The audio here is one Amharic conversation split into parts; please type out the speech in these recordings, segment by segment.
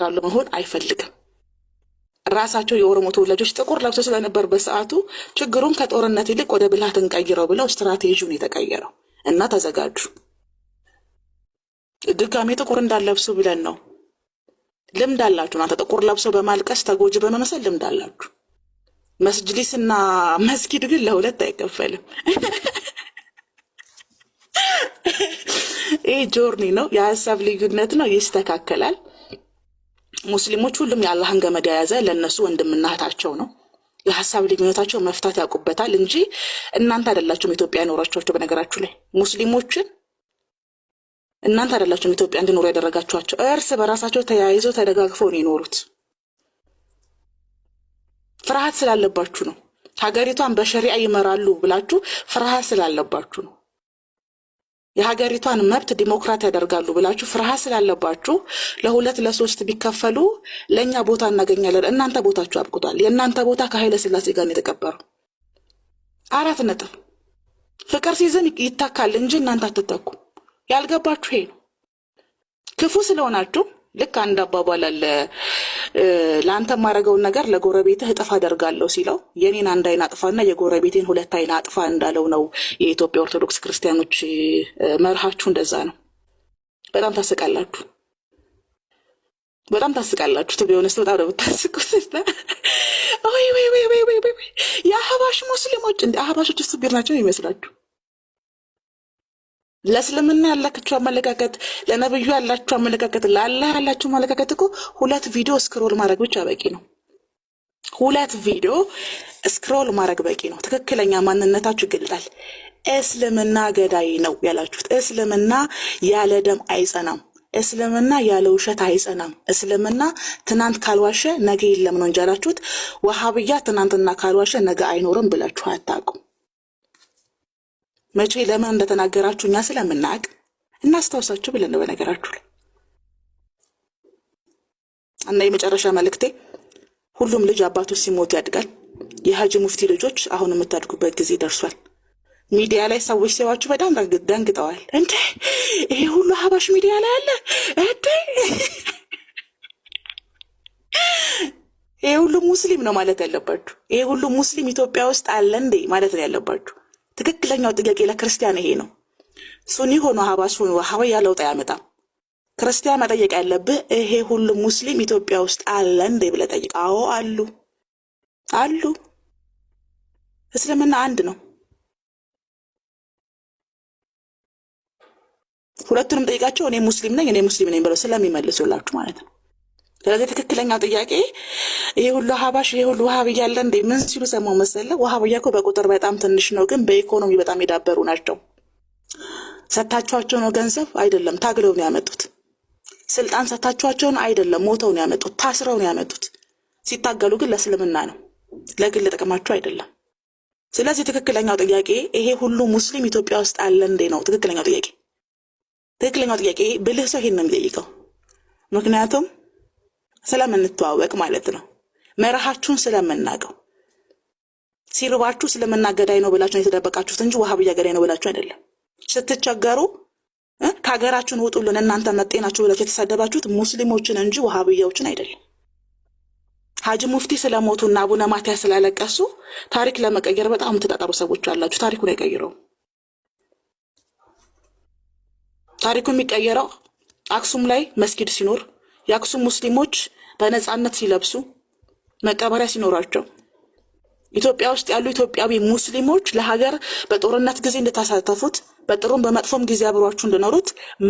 ጋር መሆን አይፈልግም። ራሳቸው የኦሮሞ ተወላጆች ጥቁር ለብሰው ስለነበር በሰዓቱ ችግሩን ከጦርነት ይልቅ ወደ ብልሃት እንቀይረው ብለው ስትራቴጂውን የተቀየረው እና ተዘጋጁ። ድጋሜ ጥቁር እንዳለብሱ ብለን ነው። ልምድ አላችሁ እናንተ ጥቁር ለብሰው በማልቀስ ተጎጂ በመመሰል ልምድ አላችሁ። መስጅሊስና መስጊድ ግን ለሁለት አይከፈልም። ይህ ጆርኒ ነው፣ የሀሳብ ልዩነት ነው፣ ይስተካከላል። ሙስሊሞች ሁሉም የአላህን ገመድ የያዘ ለእነሱ ወንድምናታቸው ነው። የሀሳብ ልዩነታቸው መፍታት ያውቁበታል እንጂ እናንተ አይደላችሁም ኢትዮጵያ ያኖራችኋቸው። በነገራችሁ ላይ ሙስሊሞችን እናንተ አይደላችሁም ኢትዮጵያ እንዲኖሩ ያደረጋችኋቸው። እርስ በራሳቸው ተያይዘው ተደጋግፈው ነው የኖሩት። ፍርሃት ስላለባችሁ ነው። ሀገሪቷን በሸሪያ ይመራሉ ብላችሁ ፍርሃት ስላለባችሁ ነው። የሀገሪቷን መብት ዲሞክራት ያደርጋሉ ብላችሁ ፍርሃት ስላለባችሁ ለሁለት ለሶስት ቢከፈሉ ለእኛ ቦታ እናገኛለን። እናንተ ቦታችሁ አብቅቷል። የእናንተ ቦታ ከኃይለ ስላሴ ጋር ነው የተቀበረው። አራት ነጥብ። ፍቅር ሲዝን ይታካል እንጂ እናንተ አትተኩም። ያልገባችሁ ይሄ ነው። ክፉ ስለሆናችሁ ልክ አንድ አባባል አለ። ለአንተ የማደርገውን ነገር ለጎረቤትህ እጥፍ አደርጋለሁ ሲለው የኔን አንድ አይን አጥፋና የጎረቤቴን ሁለት አይን አጥፋ እንዳለው ነው የኢትዮጵያ ኦርቶዶክስ ክርስቲያኖች መርሃችሁ እንደዛ ነው። በጣም ታስቃላችሁ፣ በጣም ታስቃላችሁ። ቱ ቢሆንስ በጣም ነው ወይ ወይ ወይ ወይ ወይ ወይ የአህባሽ ሙስሊሞች እንደ አህባሾች ስቢር ናቸው ይመስላችሁ ለእስልምና ያላችሁ አመለካከት፣ ለነብዩ ያላችሁ አመለካከት፣ ለአላህ ያላችሁ አመለካከት እኮ ሁለት ቪዲዮ ስክሮል ማድረግ ብቻ በቂ ነው። ሁለት ቪዲዮ ስክሮል ማድረግ በቂ ነው። ትክክለኛ ማንነታችሁ ይገልጣል። እስልምና ገዳይ ነው ያላችሁት። እስልምና ያለ ደም አይጸናም። እስልምና ያለ ውሸት አይጸናም። እስልምና ትናንት ካልዋሸ ነገ የለም ነው እንጂ ያላችሁት። ወሃብያ ትናንትና ካልዋሸ ነገ አይኖርም ብላችሁ አታውቁም። መቼ ለምን እንደተናገራችሁ እኛ ስለምናውቅ እናስታውሳችሁ ብለን ነው። በነገራችሁ ላይ እና የመጨረሻ መልእክቴ ሁሉም ልጅ አባቱ ሲሞት ያድጋል። የሀጂ ሙፍቲ ልጆች አሁን የምታድጉበት ጊዜ ደርሷል። ሚዲያ ላይ ሰዎች ሲዋችሁ በጣም ደንግጠዋል። እንዴ ይሄ ሁሉ ሀባሽ ሚዲያ ላይ አለ እንዴ? ይሄ ሁሉ ሙስሊም ነው ማለት ያለባችሁ። ይሄ ሁሉ ሙስሊም ኢትዮጵያ ውስጥ አለ እንዴ ማለት ነው ያለባችሁ። ትክክለኛው ጥያቄ ለክርስቲያን ይሄ ነው። ሱኒ ሆኖ ሀባሽ ሆኖ ሀዋያ ለውጥ አያመጣም። ክርስቲያን መጠየቅ ያለብህ ይሄ ሁሉም ሙስሊም ኢትዮጵያ ውስጥ አለ እንዴ ብለህ ጠይቅ። አዎ አሉ አሉ። እስልምና አንድ ነው። ሁለቱንም ጠይቃቸው። እኔ ሙስሊም ነኝ እኔ ሙስሊም ነኝ ብለው ስለሚመልሱላችሁ ማለት ነው። ስለዚህ ትክክለኛው ጥያቄ ይሄ ሁሉ ሀባሽ ይሄ ሁሉ ውሃብ እያለ እንዴ? ምን ሲሉ ሰማው መሰለ። ውሃብ እኮ በቁጥር በጣም ትንሽ ነው፣ ግን በኢኮኖሚ በጣም የዳበሩ ናቸው። ሰታችኋቸው ነው ገንዘብ አይደለም፣ ታግለው ነው ያመጡት። ስልጣን ሰታችኋቸው ነው አይደለም፣ ሞተው ነው ያመጡት፣ ታስረው ነው ያመጡት። ሲታገሉ ግን ለእስልምና ነው፣ ለግል ጥቅማቸው አይደለም። ስለዚህ ትክክለኛው ጥያቄ ይሄ ሁሉ ሙስሊም ኢትዮጵያ ውስጥ አለ እንዴ ነው ትክክለኛው ጥያቄ። ትክክለኛው ጥያቄ ብልህ ሰው ይሄን ነው የሚጠይቀው። ምክንያቱም ስለምንተዋወቅ ማለት ነው። መርሃችሁን ስለምናገው ሲርባችሁ እስልምና ነው ብላችሁ የተደበቃችሁት እንጂ ወሃብያ ገዳይ ነው ብላችሁ አይደለም። ስትቸገሩ ከሀገራችሁን ውጡልን እናንተ መጤናችሁ ብላችሁ የተሰደባችሁት ሙስሊሞችን እንጂ ውሃብያዎችን አይደለም። ሀጅ ሙፍቲ ስለሞቱና አቡነ ማትያ ስላለቀሱ ታሪክ ለመቀየር በጣም የምትጠጠሩ ሰዎች አላችሁ። ታሪኩን አይቀይረውም። ታሪኩ የሚቀየረው አክሱም ላይ መስጊድ ሲኖር የአክሱም ሙስሊሞች በነፃነት ሲለብሱ መቀበሪያ ሲኖራቸው ኢትዮጵያ ውስጥ ያሉ ኢትዮጵያዊ ሙስሊሞች ለሀገር በጦርነት ጊዜ እንደተሳተፉት በጥሩም በመጥፎም ጊዜ አብሯችሁ እንደኖሩት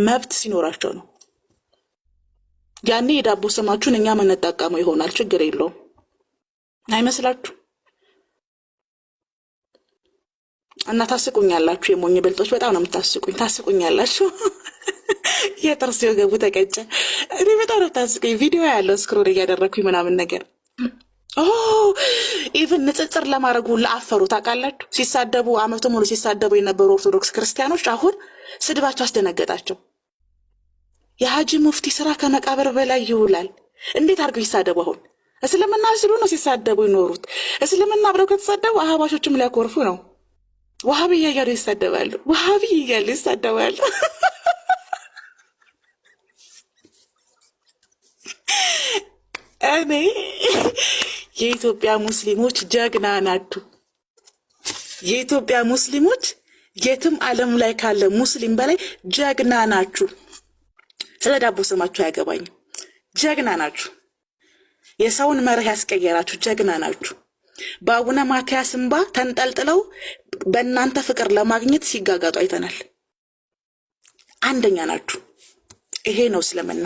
መብት ሲኖራቸው ነው። ያኔ የዳቦ ስማችሁን እኛ የምንጠቀመው ይሆናል። ችግር የለውም አይመስላችሁ? እና ታስቁኛላችሁ። የሞኝ ብልጦች በጣም ነው የምታስቁኝ። ታስቁኛላችሁ። የጥርስ የወገቡ ተቀጨ። እኔ በጣም ነው ታስቁኝ። ቪዲዮ ያለው ስክሮል እያደረግኩኝ ምናምን ነገር ኢቨን ንጽጽር ለማድረግ ለአፈሩ አፈሩ። ታውቃላችሁ፣ ሲሳደቡ አመቱ ሙሉ ሲሳደቡ የነበሩ ኦርቶዶክስ ክርስቲያኖች አሁን ስድባቸው አስደነገጣቸው። የሀጂ ሙፍቲ ስራ ከመቃብር በላይ ይውላል። እንዴት አድርገው ይሳደቡ? አሁን እስልምና ሲሉ ነው ሲሳደቡ ይኖሩት። እስልምና ብለው ከተሳደቡ አህባሾችም ሊያኮርፉ ነው። ዋሃብያ እያሉ ይሳደባሉ። ዋሃብያ እያሉ ይሳደባሉ። እኔ የኢትዮጵያ ሙስሊሞች ጀግና ናችሁ። የኢትዮጵያ ሙስሊሞች የትም ዓለም ላይ ካለ ሙስሊም በላይ ጀግና ናችሁ። ስለ ዳቦ ስማችሁ አያገባኝም። ጀግና ናችሁ። የሰውን መርህ ያስቀየራችሁ ጀግና ናችሁ። በአቡነ ማትያስ እንባ ተንጠልጥለው በእናንተ ፍቅር ለማግኘት ሲጋጋጡ አይተናል። አንደኛ ናችሁ። ይሄ ነው እስልምና፣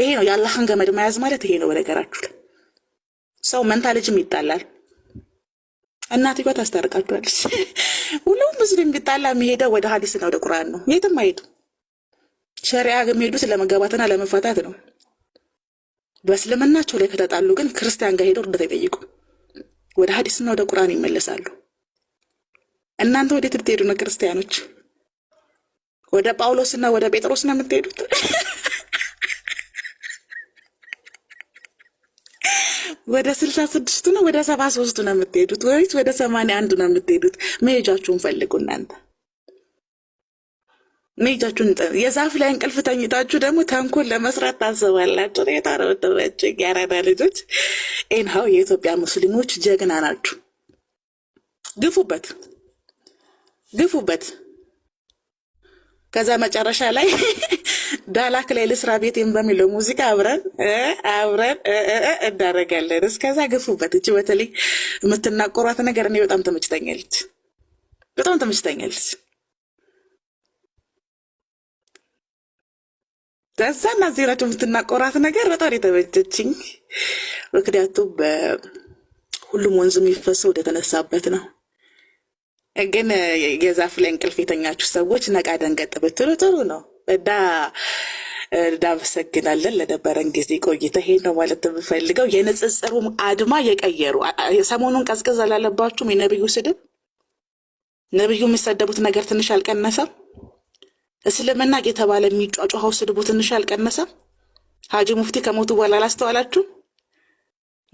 ይሄ ነው የአላህን ገመድ መያዝ ማለት ይሄ ነው። በነገራችሁ ሰው መንታ ልጅም ይጣላል፣ እናትዮዋ ታስታርቃችኋለች። ሁሉም ሙስሊም ቢጣላ የሚሄደው ወደ ሀዲስና ወደ ቁርአን ነው። የትም አይሄዱ። ሸሪያ የሚሄዱት ለመጋባትና ለመፋታት ነው። በእስልምናቸው ላይ ከተጣሉ ግን ክርስቲያን ጋር ሄደው እርዳታ ይጠይቁ፣ ወደ ሀዲስና ወደ ቁርአን ይመለሳሉ። እናንተ ወዴት ብትሄዱ ነው ክርስቲያኖች? ወደ ጳውሎስ ወደ ጴጥሮስ ነው የምትሄዱት? ወደ ስልሳ ስድስቱ ነው ወደ ሰባ ሶስቱ ነው የምትሄዱት? ወይስ ወደ ሰማንያ አንዱ ነው የምትሄዱት? መሄጃችሁን ፈልጉ። እናንተ መሄጃችሁን የዛፍ ላይ እንቅልፍ ተኝታችሁ ደግሞ ተንኮል ለመስራት ታስባላችሁ። ሬታ ያራዳ ልጆች ኤንሃው የኢትዮጵያ ሙስሊሞች ጀግና ናችሁ። ግፉበት። ግፉበት። ከዛ መጨረሻ ላይ ዳላክ ላይ ልስራ ቤቴን በሚለው ሙዚቃ አብረን አብረን እናደርጋለን። እስከዛ ግፉበት። እች በተለይ የምትናቆሯት ነገር እኔ በጣም ተመችተኛለች፣ በጣም ተመችተኛለች። ከዛ እና ዜናቸው የምትናቆራት ነገር በጣም የተመቸችኝ፣ ምክንያቱም ሁሉም ወንዝ የሚፈሰው ወደ ተነሳበት ነው። ግን የዛፍ ላይ እንቅልፍ የተኛችሁ ሰዎች ነቃ ደንገጥ ብትሉ ጥሩ ነው እና እናመሰግናለን ለነበረን ጊዜ ቆይታ። ይሄ ነው ማለት የምፈልገው። የንጽጽሩም አድማ የቀየሩ ሰሞኑን ቀዝቅዝ አላለባችሁም? የነብዩ ስድብ ነብዩ የሚሰደቡት ነገር ትንሽ አልቀነሰም? እስልምና የተባለ የሚጫጫኸው ስድቡ ትንሽ አልቀነሰም? ሀጂ ሙፍቲ ከሞቱ በኋላ አላስተዋላችሁ?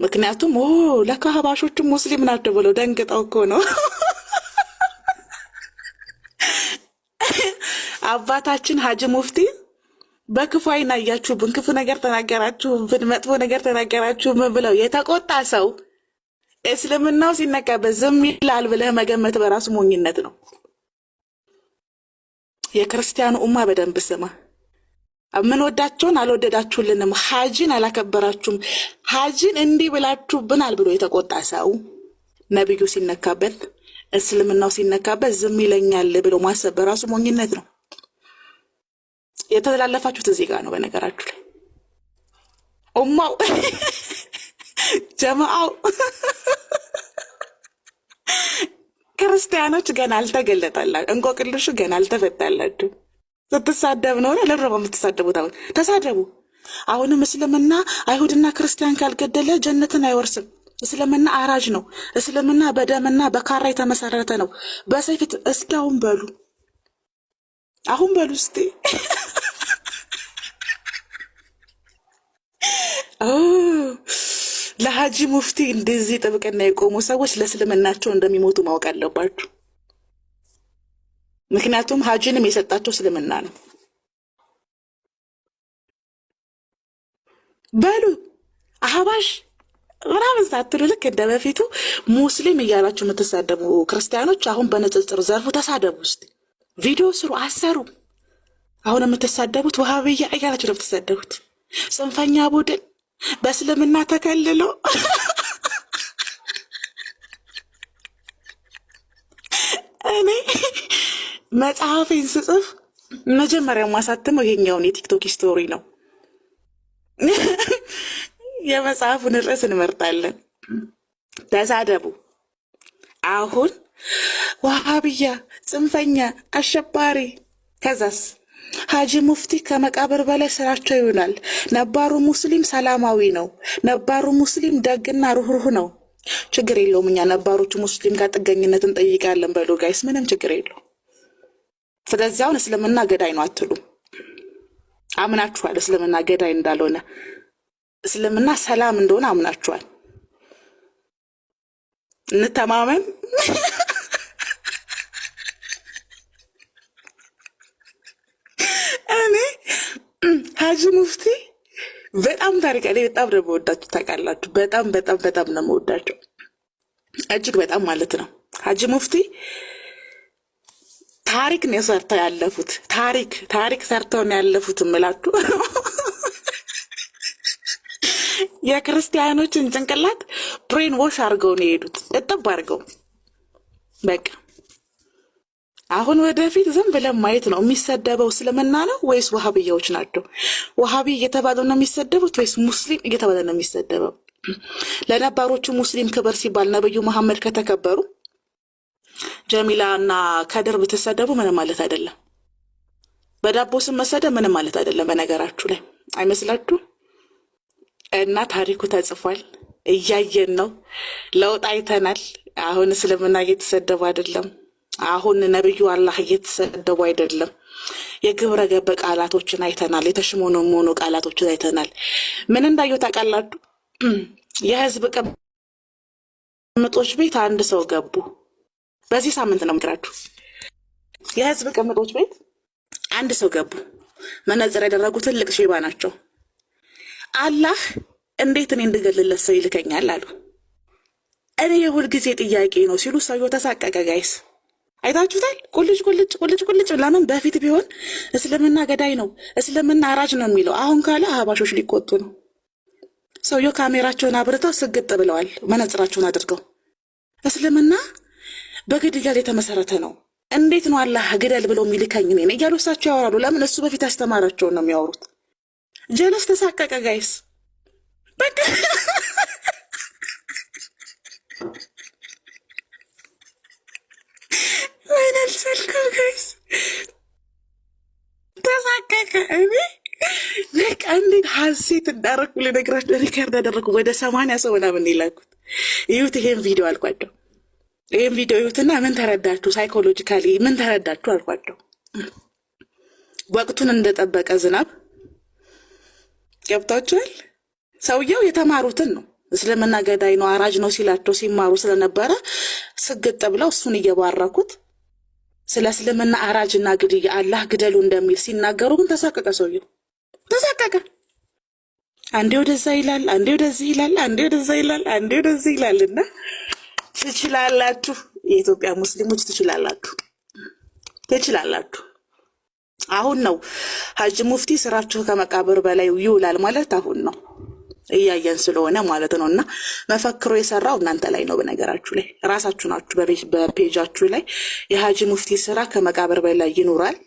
ምክንያቱም ኦ ለካ ሙስሊም ናቸው ብለው ደንግጠው እኮ ነው አባታችን ሀጅ ሙፍቲ በክፉ አይን አያችሁብን፣ ክፉ ነገር ተናገራችሁብን፣ መጥፎ ነገር ተናገራችሁብን ብለው የተቆጣ ሰው እስልምናው ሲነካበት ዝም ይላል ብለህ መገመት በራሱ ሞኝነት ነው። የክርስቲያኑ ኡማ በደንብ ስማ። የምንወዳቸውን አልወደዳችሁልንም፣ ሀጅን አላከበራችሁም፣ ሀጅን እንዲህ ብላችሁብናል ብሎ የተቆጣ ሰው ነቢዩ ሲነካበት፣ እስልምናው ሲነካበት ዝም ይለኛል ብሎ ማሰብ በራሱ ሞኝነት ነው። የተላለፋችሁት እዚህ ጋር ነው። በነገራችሁ ላይ ኦማው ጀማአው ክርስቲያኖች ገና አልተገለጣላ እንቆቅልሹ ገና አልተፈታላችሁ። ስትሳደብ ነው ለብረ የምትሳደቡት። አሁን ተሳደቡ። አሁንም እስልምና አይሁድና ክርስቲያን ካልገደለ ጀነትን አይወርስም። እስልምና አራጅ ነው። እስልምና በደምና በካራ የተመሰረተ ነው። በሰፊት እስኪ አሁን በሉ አሁን በሉ እስቲ ለሀጂ ሙፍቲ እንደዚህ ጥብቅና የቆሙ ሰዎች ለእስልምናቸው እንደሚሞቱ ማወቅ አለባችሁ። ምክንያቱም ሀጂንም የሰጣቸው እስልምና ነው። በሉ አህባሽ ምናምን ሳትሉ ልክ እንደ በፊቱ ሙስሊም እያላችሁ የምትሳደቡ ክርስቲያኖች አሁን በንጽጽር ዘርፉ ተሳደቡ ውስጥ ቪዲዮ ስሩ፣ አሰሩ። አሁን የምትሳደቡት ውሃብያ እያላችሁ ነው የምትሳደቡት ጽንፈኛ ቡድን በእስልምና ተከልሎ እኔ መጽሐፌን ስጽፍ መጀመሪያው ማሳትመው ይሄኛውን የቲክቶክ ስቶሪ ነው። የመጽሐፉን ርዕስ እንመርጣለን። ተሳደቡ። አሁን ዋሃብያ፣ ጽንፈኛ፣ አሸባሪ ከዛስ ሀጂ ሙፍቲ ከመቃብር በላይ ስራቸው ይውላል። ነባሩ ሙስሊም ሰላማዊ ነው። ነባሩ ሙስሊም ደግና ሩህሩህ ነው። ችግር የለውም። እኛ ነባሮቹ ሙስሊም ጋር ጥገኝነት እንጠይቃለን በሉ ጋይስ፣ ምንም ችግር የለው። ስለዚህ አሁን እስልምና ገዳይ ነው አትሉም። አምናችኋል፣ እስልምና ገዳይ እንዳልሆነ እስልምና ሰላም እንደሆነ አምናችኋል። እንተማመን። እኔ ሀጂ ሙፍቲ በጣም ታሪክ እኔ በጣም ነው የምወዳችሁ ታውቃላችሁ። በጣም በጣም በጣም ነው የምወዳቸው እጅግ በጣም ማለት ነው። ሀጂ ሙፍቲ ታሪክ ነው ሰርተው ያለፉት። ታሪክ ታሪክ ሰርተው ነው ያለፉት እምላችሁ የክርስቲያኖችን ጭንቅላት ብሬን ዎሽ አድርገው ነው የሄዱት እጥብ አድርገው በቃ አሁን ወደፊት ዝም ብለን ማየት ነው። የሚሰደበው እስልምና ነው ወይስ ውሃብያዎች ናቸው? ውሃቢ እየተባለ ነው የሚሰደቡት ወይስ ሙስሊም እየተባለ ነው የሚሰደበው? ለነባሮቹ ሙስሊም ክብር ሲባል ነብዩ መሐመድ ከተከበሩ ጀሚላ እና ከድር ብትሰደቡ ምንም ማለት አይደለም። በዳቦ ስም መሰደብ ምንም ማለት አይደለም። በነገራችሁ ላይ አይመስላችሁ እና ታሪኩ ተጽፏል። እያየን ነው። ለውጥ አይተናል። አሁን እስልምና እየተሰደቡ አይደለም። አሁን ነቢዩ አላህ እየተሰደቡ አይደለም። የግብረ ገብ ቃላቶችን አይተናል። የተሽሞኖ የተሽሞኖሞኖ ቃላቶችን አይተናል። ምን እንዳየ ታውቃላችሁ? የህዝብ ቅምጦች ቤት አንድ ሰው ገቡ። በዚህ ሳምንት ነው ምክራችሁ። የህዝብ ቅምጦች ቤት አንድ ሰው ገቡ። መነጽር ያደረጉ ትልቅ ሼባ ናቸው። አላህ እንዴት እኔ እንድገልለት ሰው ይልከኛል አሉ። እኔ የሁልጊዜ ጥያቄ ነው ሲሉ ሰውየው ተሳቀቀ። ጋይስ አይታችሁታል። ቁልጭ ቁልጭ ቁልጭ ቁልጭ። ለምን በፊት ቢሆን እስልምና ገዳይ ነው እስልምና አራጅ ነው የሚለው፣ አሁን ካለ አህባሾች ሊቆጡ ነው። ሰውየው ካሜራቸውን አብርተው ስግጥ ብለዋል፣ መነጽራቸውን አድርገው። እስልምና በግድያል የተመሰረተ ነው። እንዴት ነው አላህ ግደል ብለው የሚልከኝ ኔ እያሉ እሳቸው ያወራሉ። ለምን እሱ በፊት ያስተማራቸውን ነው የሚያወሩት። ጀለስ ተሳቀቀ ጋይስ በቃ ወይኔ አልቻልኩም ጋይስ ተሳቀቀ። እኔ ልክ እንዴት ሀሴት እንዳረኩ ልነግራችሁ ሪከርድ አደረኩ። ወደ ሰማንያ ሰው ምናምን የላኩት ይሁት ይሄን ቪዲዮ አልኳቸው። ይህም ቪዲዮ ይሁትና ምን ተረዳችሁ ሳይኮሎጂካሊ ምን ተረዳችሁ አልኳቸው። ወቅቱን እንደጠበቀ ዝናብ ገብታችኋል። ሰውየው የተማሩትን ነው እስልምና ገዳይ ነው አራጅ ነው ሲላቸው ሲማሩ ስለነበረ ስግጥ ብለው እሱን እየባረኩት ስለ እስልምና አራጅና ግድያ አላህ ግደሉ እንደሚል ሲናገሩ ግን ተሳቀቀ። ሰውየው ተሳቀቀ። አንዴ ወደዛ ይላል፣ አንዴ ወደዚህ ይላል፣ አንዴ ወደዛ ይላል፣ አንዴ ወደዚህ ይላል። እና ትችላላችሁ፣ የኢትዮጵያ ሙስሊሞች ትችላላችሁ፣ ትችላላችሁ። አሁን ነው ሀጅ ሙፍቲ ስራችሁ ከመቃብር በላይ ይውላል ማለት አሁን ነው። እያየን ስለሆነ ማለት ነው። እና መፈክሮ የሰራው እናንተ ላይ ነው። በነገራችሁ ላይ ራሳችሁ ናችሁ። በፔጃችሁ ላይ የሀጂ ሙፍቲ ስራ ከመቃብር በላይ ይኖራል፣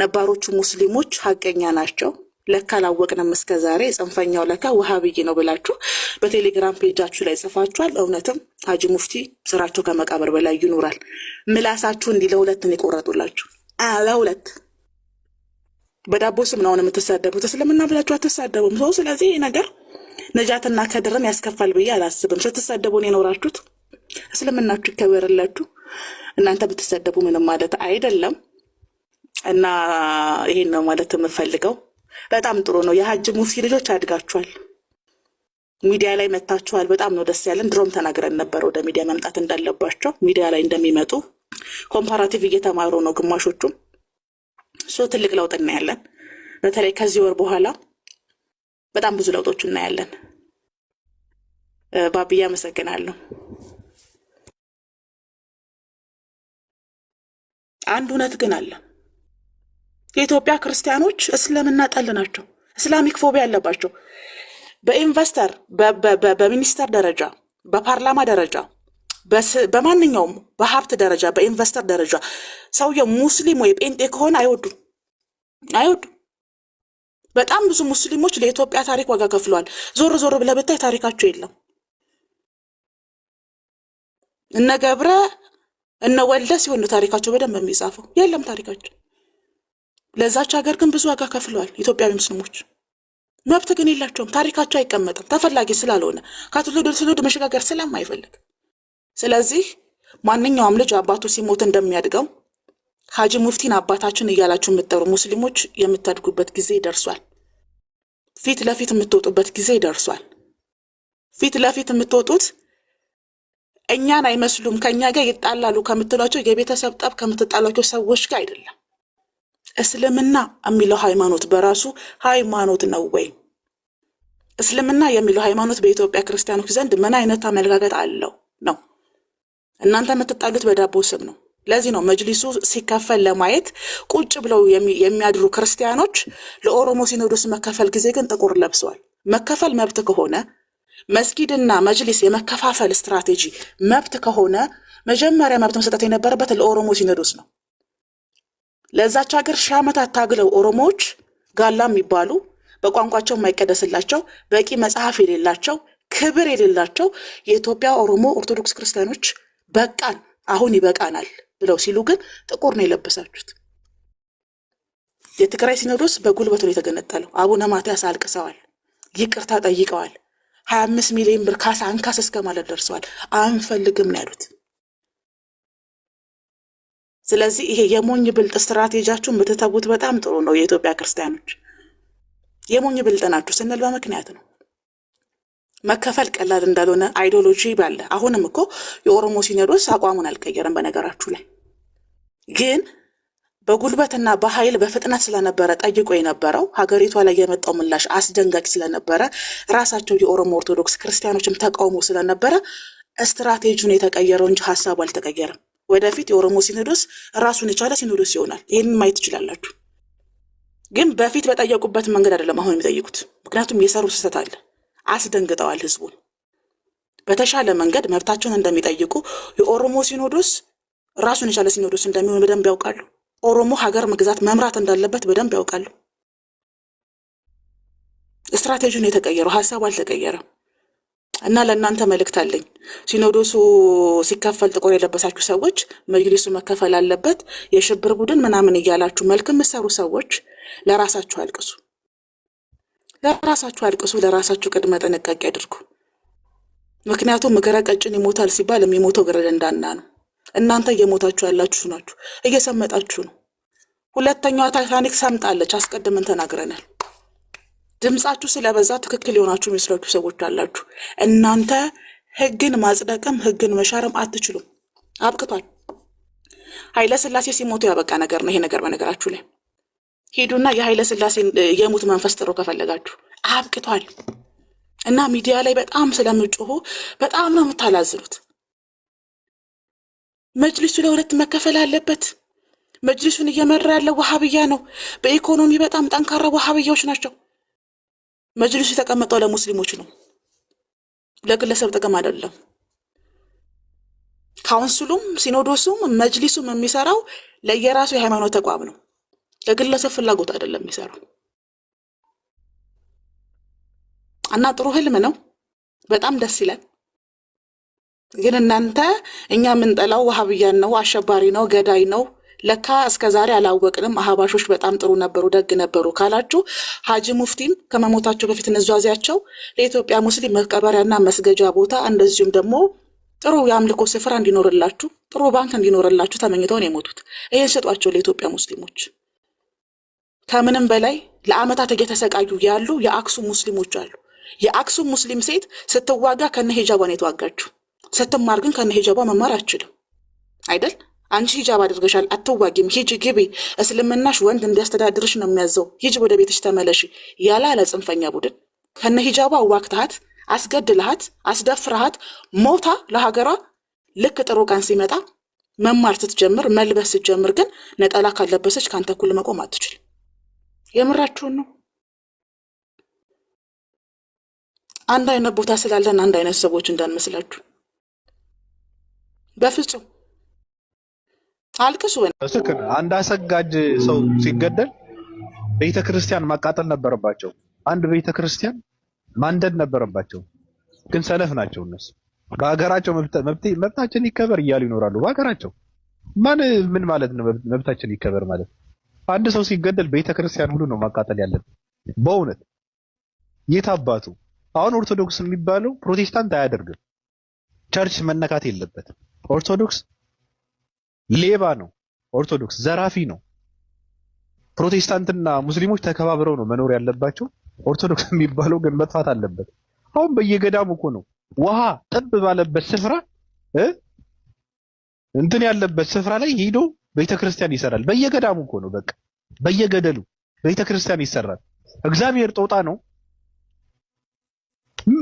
ነባሮቹ ሙስሊሞች ሀቀኛ ናቸው ለካ አላወቅንም እስከ ዛሬ ጽንፈኛው ለካ ውሃብይ ነው ብላችሁ በቴሌግራም ፔጃችሁ ላይ ጽፋችኋል። እውነትም ሀጂ ሙፍቲ ስራቸው ከመቃብር በላይ ይኖራል። ምላሳችሁ እንዲህ ለሁለት ነው የቆረጡላችሁ። ለሁለት በዳቦ ስም ነው አሁን የምትሳደቡት። እስልምና ብላችሁ አትሳደቡም ሰው። ስለዚህ ይህ ነገር ነጃትና ከድርም ያስከፋል ብዬ አላስብም። ስትሰደቡን የኖራችሁት። እስልምናችሁ ይከበርላችሁ። እናንተ ብትሰደቡ ምንም ማለት አይደለም። እና ይሄን ነው ማለት የምፈልገው። በጣም ጥሩ ነው። የሀጅ ሙፍቲ ልጆች አድጋችኋል፣ ሚዲያ ላይ መታችኋል። በጣም ነው ደስ ያለን። ድሮም ተናግረን ነበር ወደ ሚዲያ መምጣት እንዳለባቸው። ሚዲያ ላይ እንደሚመጡ ኮምፓራቲቭ እየተማሩ ነው ግማሾቹም። እሱ ትልቅ ለውጥ እናያለን። በተለይ ከዚህ ወር በኋላ በጣም ብዙ ለውጦች እናያለን። ባብዬ አመሰግናለሁ። አንድ እውነት ግን አለ። የኢትዮጵያ ክርስቲያኖች እስልምና ጠል ናቸው። እስላሚክ ፎቢያ አለባቸው። በኢንቨስተር በሚኒስተር ደረጃ፣ በፓርላማ ደረጃ፣ በማንኛውም በሀብት ደረጃ፣ በኢንቨስተር ደረጃ ሰውየው ሙስሊም ወይ ጴንጤ ከሆነ አይወዱም አይወዱም። በጣም ብዙ ሙስሊሞች ለኢትዮጵያ ታሪክ ዋጋ ከፍለዋል። ዞር ዞር ብለህ ብታይ ታሪካቸው የለም። እነ ገብረ እነ ወልደ ሲሆን ታሪካቸው በደንብ የሚጻፈው የለም ታሪካቸው። ለዛች ሀገር ግን ብዙ ዋጋ ከፍለዋል ኢትዮጵያዊ ሙስሊሞች። መብት ግን የላቸውም። ታሪካቸው አይቀመጥም ተፈላጊ ስላልሆነ ከትውልድ ትውልድ መሸጋገር ስለማይፈልግ። ስለዚህ ማንኛውም ልጅ አባቱ ሲሞት እንደሚያድገው ሀጂ ሙፍቲን አባታችን እያላችሁ የምትጠሩ ሙስሊሞች የምታድጉበት ጊዜ ይደርሷል። ፊት ለፊት የምትወጡበት ጊዜ ይደርሷል። ፊት ለፊት የምትወጡት እኛን አይመስሉም ከእኛ ጋር ይጣላሉ ከምትሏቸው የቤተሰብ ጠብ ከምትጣሏቸው ሰዎች ጋር አይደለም። እስልምና የሚለው ሃይማኖት በራሱ ሃይማኖት ነው ወይ? እስልምና የሚለው ሃይማኖት በኢትዮጵያ ክርስቲያኖች ዘንድ ምን አይነት አመለካከት አለው ነው። እናንተ የምትጣሉት በዳቦ ስም ነው። ለዚህ ነው መጅሊሱ ሲከፈል ለማየት ቁጭ ብለው የሚያድሩ ክርስቲያኖች ለኦሮሞ ሲኖዶስ መከፈል ጊዜ ግን ጥቁር ለብሰዋል። መከፈል መብት ከሆነ መስጊድና መጅሊስ የመከፋፈል ስትራቴጂ መብት ከሆነ መጀመሪያ መብት መሰጠት የነበረበት ለኦሮሞ ሲኖዶስ ነው። ለዛች ሀገር ሺህ ዓመታት ታግለው ኦሮሞዎች ጋላ የሚባሉ በቋንቋቸው የማይቀደስላቸው በቂ መጽሐፍ የሌላቸው ክብር የሌላቸው የኢትዮጵያ ኦሮሞ ኦርቶዶክስ ክርስቲያኖች በቃን፣ አሁን ይበቃናል ብለው ሲሉ ግን ጥቁር ነው የለበሳችሁት። የትግራይ ሲኖዶስ በጉልበቱ ነው የተገነጠለው። አቡነ ማትያስ አልቅሰዋል፣ ይቅርታ ጠይቀዋል። ሀያ አምስት ሚሊዮን ብር ካሳ አንካስ እስከ ማለት ደርሰዋል። አንፈልግም ነው ያሉት። ስለዚህ ይሄ የሞኝ ብልጥ ስትራቴጂያችሁ የምትተቡት በጣም ጥሩ ነው። የኢትዮጵያ ክርስቲያኖች የሞኝ ብልጥ ናችሁ ስንል በምክንያት ነው። መከፈል ቀላል እንዳልሆነ አይዲዮሎጂ ባለ አሁንም እኮ የኦሮሞ ሲኖዶስ አቋሙን አልቀየረም። በነገራችሁ ላይ ግን በጉልበትና በኃይል በፍጥነት ስለነበረ ጠይቆ የነበረው ሀገሪቷ ላይ የመጣው ምላሽ አስደንጋጭ ስለነበረ ራሳቸው የኦሮሞ ኦርቶዶክስ ክርስቲያኖችም ተቃውሞ ስለነበረ ስትራቴጂውን የተቀየረው እንጂ ሀሳቡ አልተቀየረም። ወደፊት የኦሮሞ ሲኖዶስ ራሱን የቻለ ሲኖዶስ ይሆናል። ይህንን ማየት ትችላላችሁ። ግን በፊት በጠየቁበት መንገድ አይደለም አሁን የሚጠይቁት። ምክንያቱም የሰሩ ስህተት አለ። አስደንግጠዋል ህዝቡን። በተሻለ መንገድ መብታቸውን እንደሚጠይቁ የኦሮሞ ሲኖዶስ ራሱን የቻለ ሲኖዶስ እንደሚሆን በደንብ ያውቃሉ። ኦሮሞ ሀገር መግዛት መምራት እንዳለበት በደንብ ያውቃሉ። ስትራቴጂውን የተቀየረው ሀሳቡ አልተቀየረም። እና ለእናንተ መልእክት አለኝ። ሲኖዶሱ ሲከፈል ጥቁር የለበሳችሁ ሰዎች መጅሊሱ መከፈል አለበት የሽብር ቡድን ምናምን እያላችሁ መልክ የምትሰሩ ሰዎች ለራሳችሁ አልቅሱ፣ ለራሳችሁ አልቅሱ፣ ለራሳችሁ ቅድመ ጥንቃቄ አድርጉ። ምክንያቱም እግረ ቀጭን ይሞታል ሲባል የሚሞተው ግረ ደንዳና ነው። እናንተ እየሞታችሁ ያላችሁ ናችሁ፣ እየሰመጣችሁ ነው። ሁለተኛዋ ታይታኒክ ሰምጣለች፣ አስቀድመን ተናግረናል። ድምፃችሁ ስለበዛ ትክክል የሆናችሁ የሚስራችሁ ሰዎች አላችሁ። እናንተ ህግን ማጽደቅም ህግን መሻርም አትችሉም። አብቅቷል። ኃይለ ስላሴ ሲሞቱ ያበቃ ነገር ነው ይሄ ነገር። በነገራችሁ ላይ ሂዱና የኃይለ ስላሴ የሙት መንፈስ ጥሩ ከፈለጋችሁ አብቅቷል። እና ሚዲያ ላይ በጣም ስለምጮሁ በጣም ነው የምታላዝኑት። መጅሊሱ ለሁለት መከፈል አለበት። መጅሊሱን እየመራ ያለው ዋሃብያ ነው። በኢኮኖሚ በጣም ጠንካራ ዋሃብያዎች ናቸው። መጅሊሱ የተቀመጠው ለሙስሊሞች ነው፣ ለግለሰብ ጥቅም አይደለም። ካውንስሉም ሲኖዶሱም መጅሊሱም የሚሰራው ለየራሱ የሃይማኖት ተቋም ነው፣ ለግለሰብ ፍላጎት አይደለም የሚሰራው እና ጥሩ ህልም ነው። በጣም ደስ ይላል። ግን እናንተ እኛ የምንጠላው ዋሃብያን ነው፣ አሸባሪ ነው፣ ገዳይ ነው። ለካ እስከ ዛሬ አላወቅንም፣ አህባሾች በጣም ጥሩ ነበሩ፣ ደግ ነበሩ ካላችሁ ሀጂ ሙፍቲም ከመሞታቸው በፊት እንዟዚያቸው ለኢትዮጵያ ሙስሊም መቀበሪያና መስገጃ ቦታ እንደዚሁም ደግሞ ጥሩ የአምልኮ ስፍራ እንዲኖርላችሁ ጥሩ ባንክ እንዲኖርላችሁ ተመኝተው ነው የሞቱት። ይህን ስጧቸው ለኢትዮጵያ ሙስሊሞች። ከምንም በላይ ለአመታት እየተሰቃዩ ያሉ የአክሱም ሙስሊሞች አሉ። የአክሱም ሙስሊም ሴት ስትዋጋ ከነ ሂጃቧን የተዋጋችሁ ስትማር ግን ከነ ሂጃቧ መማር አችልም አይደል? አንቺ ሂጃብ አድርገሻል፣ አትዋጊም፣ ሂጅ ግቢ። እስልምናሽ ወንድ እንዲያስተዳድርሽ ነው የሚያዘው። ሂጅ ወደ ቤትሽ ተመለሽ ያለ አለ ጽንፈኛ ቡድን ከነ ሂጃቧ አዋክተሃት፣ አስገድልሃት፣ አስደፍረሃት ሞታ ለሀገሯ ልክ ጥሩ ቀን ሲመጣ መማር ስትጀምር መልበስ ስትጀምር ግን ነጠላ ካለበሰች ከአንተ እኩል መቆም አትችል። የምራችሁን ነው። አንድ አይነት ቦታ ስላለን አንድ አይነት ሰዎች እንዳንመስላችሁ። በፍጹም አልቅሱ። ስክ አንድ አሰጋጅ ሰው ሲገደል ቤተ ክርስቲያን ማቃጠል ነበረባቸው። አንድ ቤተ ክርስቲያን ማንደድ ነበረባቸው። ግን ሰለፍ ናቸው እነሱ። በሀገራቸው መብታችን ይከበር እያሉ ይኖራሉ። በሀገራቸው ማን ምን ማለት ነው? መብታችን ይከበር ማለት አንድ ሰው ሲገደል ቤተ ክርስቲያን ሁሉ ነው ማቃጠል ያለብን። በእውነት የት አባቱ አሁን ኦርቶዶክስ የሚባለው ፕሮቴስታንት አያደርግም። ቸርች መነካት የለበትም። ኦርቶዶክስ ሌባ ነው። ኦርቶዶክስ ዘራፊ ነው። ፕሮቴስታንትና ሙስሊሞች ተከባብረው ነው መኖር ያለባቸው። ኦርቶዶክስ የሚባለው ግን መጥፋት አለበት። አሁን በየገዳሙ እኮ ነው ውሃ ጥብ ባለበት ስፍራ እንትን ያለበት ስፍራ ላይ ሄዶ ቤተክርስቲያን ይሰራል። በየገዳሙ እኮ ነው በቃ በየገደሉ ቤተክርስቲያን ይሰራል። እግዚአብሔር ጦጣ ነው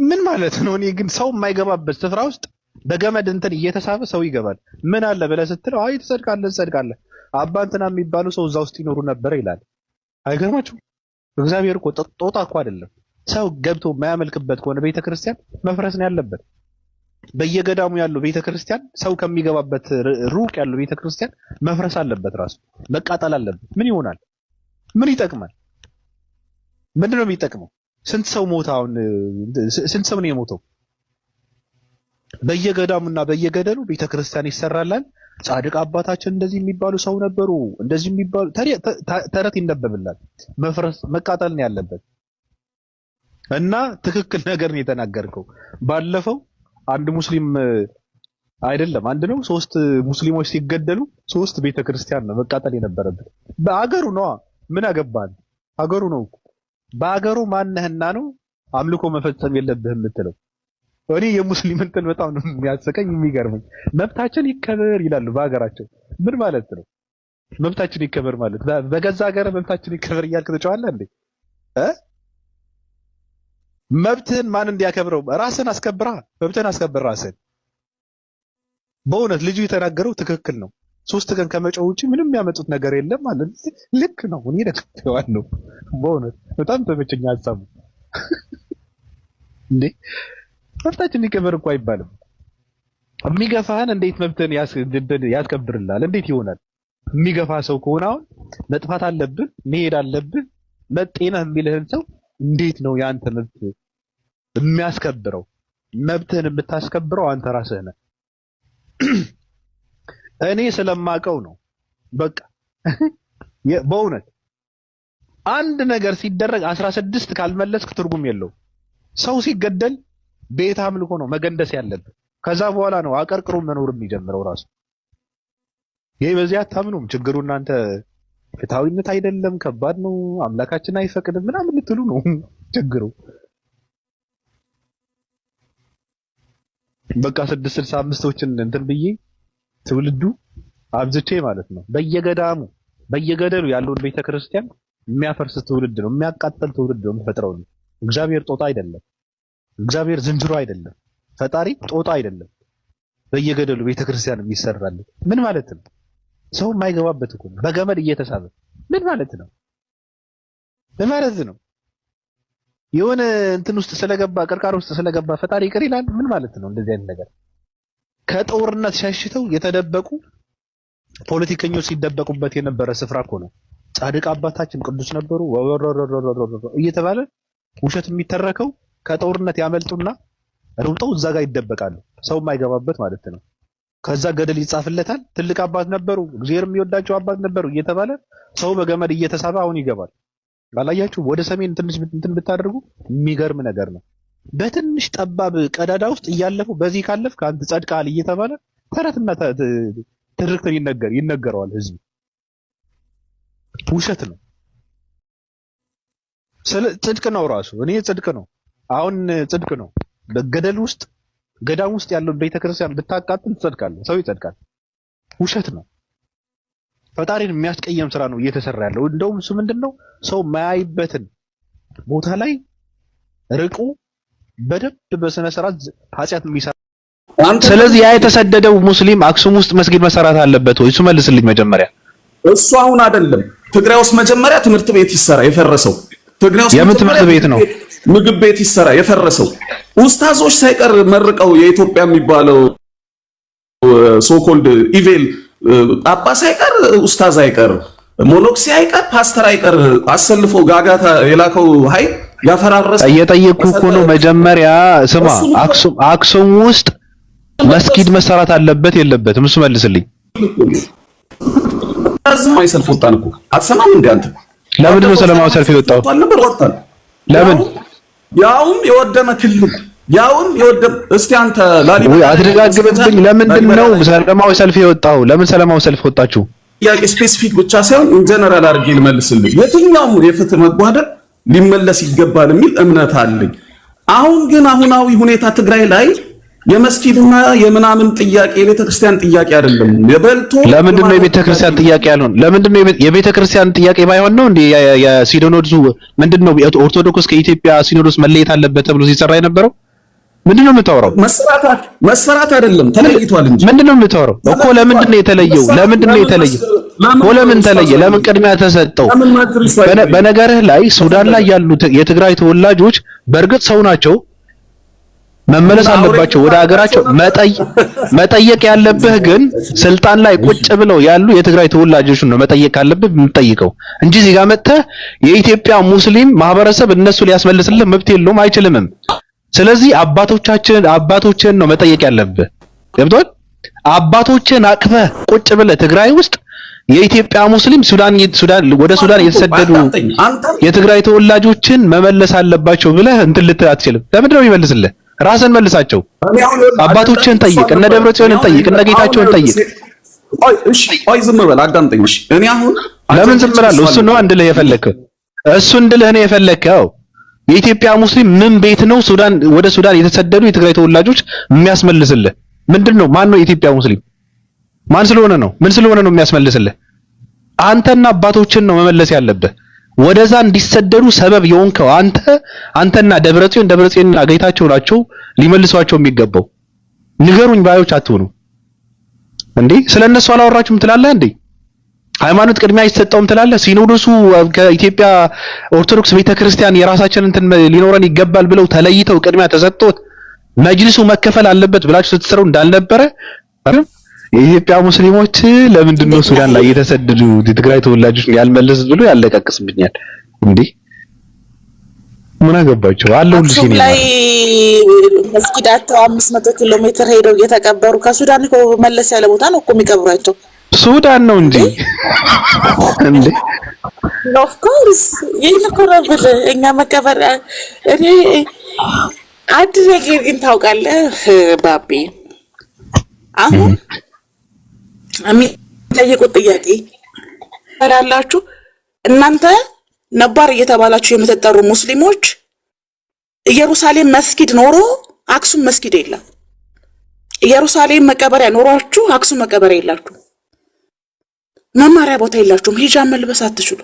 ምን ማለት ነው? እኔ ግን ሰው የማይገባበት ስፍራ ውስጥ በገመድ እንትን እየተሳበ ሰው ይገባል። ምን አለ ብለህ ስትለው አይ ትጸድቃለህ፣ ትጸድቃለህ አባ እንትና የሚባሉ ሰው እዛ ውስጥ ይኖሩ ነበር ይላል። አይገርማችሁ? እግዚአብሔር እኮ ጦጣ እኮ አይደለም። ሰው ገብቶ የማያመልክበት ከሆነ ቤተክርስቲያን መፍረስ ነው ያለበት። በየገዳሙ ያለው ቤተክርስቲያን ሰው ከሚገባበት ሩቅ ያለው ቤተክርስቲያን መፍረስ አለበት፣ ራሱ መቃጠል አለበት። ምን ይሆናል? ምን ይጠቅማል? ምንድን ነው የሚጠቅመው? ስንት ሰው ሞተ? አሁን ስንት ሰው ነው የሞተው? በየገዳሙና በየገደሉ ቤተክርስቲያን ይሰራላል። ጻድቅ አባታችን እንደዚህ የሚባሉ ሰው ነበሩ፣ እንደዚህ የሚባሉ ተረት ይነበብላል። መፍረስ መቃጠል ነው ያለበት። እና ትክክል ነገር ነው የተናገርከው። ባለፈው አንድ ሙስሊም አይደለም አንድ ነው ሶስት ሙስሊሞች ሲገደሉ ሶስት ቤተክርስቲያን ነው መቃጠል የነበረበት። በአገሩ ነዋ፣ ምን አገባን? አገሩ ነው። በአገሩ ማነህና ነው አምልኮ መፈጸም የለብህም የምትለው እኔ የሙስሊም እንትን በጣም ነው የሚያሰቀኝ የሚገርመኝ። መብታችን ይከበር ይላሉ በሀገራቸው። ምን ማለት ነው መብታችን ይከበር ማለት? በገዛ ሀገር መብታችን ይከበር እያልክ ትጫዋለህ እንዴ? መብትህን ማን እንዲያከብረው? ራስን አስከብራ መብትህን አስከብር ራስን። በእውነት ልጁ የተናገረው ትክክል ነው። ሶስት ቀን ከመጮ ውጭ ምንም የሚያመጡት ነገር የለም ማለት ልክ ነው። እኔ ደግሞ በእውነት በጣም ተመቸኝ ሀሳቡ እንዴ መብታችን ይከበር እኮ አይባልም። የሚገፋህን እንዴት መብትን ያስከብርልሃል? እንዴት ይሆናል? የሚገፋ ሰው ከሆነ አሁን መጥፋት አለብህ መሄድ አለብህ መጤነህ የሚልህን ሰው እንዴት ነው የአንተ መብት የሚያስከብረው? መብትህን የምታስከብረው አንተ ራስህ ነህ። እኔ ስለማቀው ነው። በቃ በእውነት አንድ ነገር ሲደረግ አስራ ስድስት ካልመለስክ ትርጉም የለውም። ሰው ሲገደል ቤት አምልኮ ነው መገንደስ ያለብን። ከዛ በኋላ ነው አቀርቅሩ መኖር የሚጀምረው ራሱ። ይህ በዚህ አታምኑም። ችግሩ እናንተ ፍትሐዊነት አይደለም፣ ከባድ ነው፣ አምላካችን አይፈቅድም ምናምን ልትሉ ነው ችግሩ። በቃ ስድስት ስልሳ አምስቶችን እንትን ብዬ ትውልዱ አብዝቼ ማለት ነው በየገዳሙ በየገደሉ ያለውን ቤተክርስቲያን የሚያፈርስ ትውልድ ነው፣ የሚያቃጥል ትውልድ ነው የምፈጥረው። እግዚአብሔር ጦጣ አይደለም። እግዚአብሔር ዝንጀሮ አይደለም፣ ፈጣሪ ጦጣ አይደለም። በየገደሉ ቤተክርስቲያን የሚሰራል ምን ማለት ነው? ሰው የማይገባበት እኮ ነው። በገመድ እየተሳበ ምን ማለት ነው? ማለት ነው የሆነ እንትን ውስጥ ስለገባ ቅርቃር ውስጥ ስለገባ ፈጣሪ ይቅር ይላል። ምን ማለት ነው? እንደዚህ አይነት ነገር ከጦርነት ሸሽተው የተደበቁ ፖለቲከኞች ሲደበቁበት የነበረ ስፍራ እኮ ነው። ጻድቅ አባታችን ቅዱስ ነበሩ እየተባለ ውሸት የሚተረከው ከጦርነት ያመልጡና ሩምጠው እዛ ጋር ይደበቃሉ። ሰው የማይገባበት ማለት ነው። ከዛ ገደል ይጻፍለታል። ትልቅ አባት ነበሩ፣ እግዚአብሔር የሚወዳቸው አባት ነበሩ እየተባለ ሰው በገመድ እየተሳበ አሁን ይገባል። ባላያችሁ ወደ ሰሜን ትንሽ እንትን ብታደርጉ የሚገርም ነገር ነው። በትንሽ ጠባብ ቀዳዳ ውስጥ እያለፉ በዚህ ካለፍ ከአንተ ጸድቃል እየተባለ ተረትና ትርክትን ይነገር ይነገረዋል ህዝብ። ውሸት ነው። ጽድቅ ነው ራሱ እኔ ጽድቅ ነው አሁን ጽድቅ ነው። በገደል ውስጥ ገዳም ውስጥ ያለው ቤተክርስቲያን ብታቃጥል ትጸድቃለህ፣ ሰው ይጸድቃል። ውሸት ነው። ፈጣሪን የሚያስቀየም ስራ ነው እየተሰራ ያለው። እንደውም እሱ ምንድን ነው ሰው ማያይበትን ቦታ ላይ ርቁ በደንብ በስነ ስርዓት ኃጢአት የሚሰራ ስለዚህ ያ የተሰደደው ሙስሊም አክሱም ውስጥ መስጊድ መሰራት አለበት ወይ? እሱ መልስልኝ መጀመሪያ። እሱ አሁን አይደለም ትግራይ ውስጥ መጀመሪያ ትምህርት ቤት ይሰራ የፈረሰው የምን ትምህርት ቤት ነው? ምግብ ቤት ይሰራ የፈረሰው ኡስታዞች ሳይቀር መርቀው የኢትዮጵያ የሚባለው ሶኮልድ ኢቬል ጳጳስ ሳይቀር ኡስታዝ አይቀር ሞኖክሲ አይቀር ፓስተር አይቀር አሰልፎ ጋጋታ የላከው ኃይል ያፈራረሰ። እየጠየኩ እኮ ነው። መጀመሪያ ስማ፣ አክሱም አክሱም ውስጥ መስጊድ መሰራት አለበት የለበትም? እሱ መልስልኝ። ኡስታዝ ማይሰልፍ ወጣን እኮ አትሰማም እንዴ አንተ ለምን ነው ሰላማዊ ሰልፍ የወጣው? ለምን ያውም የወደመ ክልል ያውም የወደመ እስቲ አንተ ላሊ አትደጋግምብኝ። ለምንድን ነው ሰላማዊ ሰልፍ የወጣው? ለምን ሰላማዊ ሰልፍ ወጣችሁ? ጥያቄ ስፔሲፊክ ብቻ ሳይሆን ኢንጀነራል አድርጌ ልመልስልኝ። የትኛውም የፍትህ መጓደል ሊመለስ ይገባል የሚል እምነት አለኝ። አሁን ግን አሁናዊ ሁኔታ ትግራይ ላይ የመስጊድና የምናምን ጥያቄ የቤተ ክርስቲያን ጥያቄ አይደለም። የበልቶ ለምንድን ነው የቤተ ክርስቲያን ጥያቄ ያልሆነ? ለምንድን ነው የቤተ ክርስቲያን ጥያቄ ባይሆን ነው እንዴ የሲኖዶሱ ምንድን ነው ኦርቶዶክስ ከኢትዮጵያ ሲኖዶስ መለየት አለበት ተብሎ ሲሰራ የነበረው? ምንድን ነው የምታወራው? መስፈራት መስፈራት አይደለም ተለይቷል እንጂ ምንድን ነው የምታወራው እኮ? ለምንድን ነው የተለየው? ለምንድን ነው የተለየው? ለምን ተለየ? ለምን ቅድሚያ ተሰጠው? በነገርህ ላይ ሱዳን ላይ ያሉት የትግራይ ተወላጆች በእርግጥ ሰው ናቸው መመለስ አለባቸው ወደ ሀገራቸው። መጠየቅ ያለብህ ግን ስልጣን ላይ ቁጭ ብለው ያሉ የትግራይ ተወላጆች ነው መጠየቅ ያለብህ የምትጠይቀው እንጂ እዚህ ጋር መጥተህ የኢትዮጵያ ሙስሊም ማህበረሰብ እነሱ ሊያስመልስልህ መብት የለውም አይችልምም። ስለዚህ አባቶቻችን አባቶችን ነው መጠየቅ ያለብህ ገብቶሃል? አባቶችን አቅፈህ ቁጭ ብለህ ትግራይ ውስጥ የኢትዮጵያ ሙስሊም ሱዳን ሱዳን ወደ ሱዳን የተሰደዱ የትግራይ ተወላጆችን መመለስ አለባቸው ብለህ እንትን ልትል አትችልም። ለምንድን ነው የሚመልስልህ? ራስን መልሳቸው። አባቶችን ጠይቅ፣ እነ ደብረ ጽዮንን ጠይቅ፣ እነ ጌታቸውን ጠይቅ። እሺ ቆይ ዝም በል አዳምጠኝ። እሺ እኔ አሁን ለምን ዝም ብላለሁ? እሱ ነው እንድልህ የፈለከው፣ እሱ እንድልህ ነው የፈለከው። የኢትዮጵያ ሙስሊም ምን ቤት ነው ሱዳን ወደ ሱዳን የተሰደዱ የትግራይ ተወላጆች የሚያስመልስልህ ምንድን ነው? ማን ነው የኢትዮጵያ ሙስሊም? ማን ስለሆነ ነው? ምን ስለሆነ ነው የሚያስመልስልህ? አንተና አባቶችን ነው መመለስ ያለብህ። ወደዛ እንዲሰደዱ ሰበብ የሆንከው አንተ አንተና ደብረጽዮን ደብረጽዮንና ጌታቸው ናቸው ሊመልሷቸው የሚገባው። ንገሩኝ ባዮች አትሆኑ እንዴ? ስለነሱ አላወራችሁም ትላለህ እንዴ? ሃይማኖት ቅድሚያ አይሰጠውም ትላለህ? ሲኖዶሱ ከኢትዮጵያ ኦርቶዶክስ ቤተክርስቲያን የራሳችን እንትን ሊኖረን ይገባል ብለው ተለይተው ቅድሚያ ተሰጥቶት መጅልሱ መከፈል አለበት ብላችሁ ስትሰሩ እንዳልነበረ የኢትዮጵያ ሙስሊሞች ለምንድን ነው ሱዳን ላይ የተሰደዱ የትግራይ ተወላጆች ያልመለስ ብሎ ያለቃቅስብኛል እንዴ? ምን አገባቸው አለ ሁሉ ሲኒ ላይ መስጊድ መስጊዳቸው 500 ኪሎ ሜትር ሄደው እየተቀበሩ ከሱዳን እኮ መለስ ያለ ቦታ ነው እኮ የሚቀብሯቸው። ሱዳን ነው እንጂ እንዴ? ኦፍ ኮርስ ይልኮራብል እኛ መቀበር እኔ አንድ ነገር ግን ታውቃለህ ባቢ አሁን የሚጠየቁት ጥያቄ ያላችሁ እናንተ ነባር እየተባላችሁ የምትጠሩ ሙስሊሞች ኢየሩሳሌም መስጊድ ኖሮ አክሱም መስጊድ የለም። ኢየሩሳሌም መቀበሪያ ኖሯችሁ አክሱም መቀበሪያ የላችሁ። መማሪያ ቦታ የላችሁም። ሂጃብ መልበስ አትችሉ።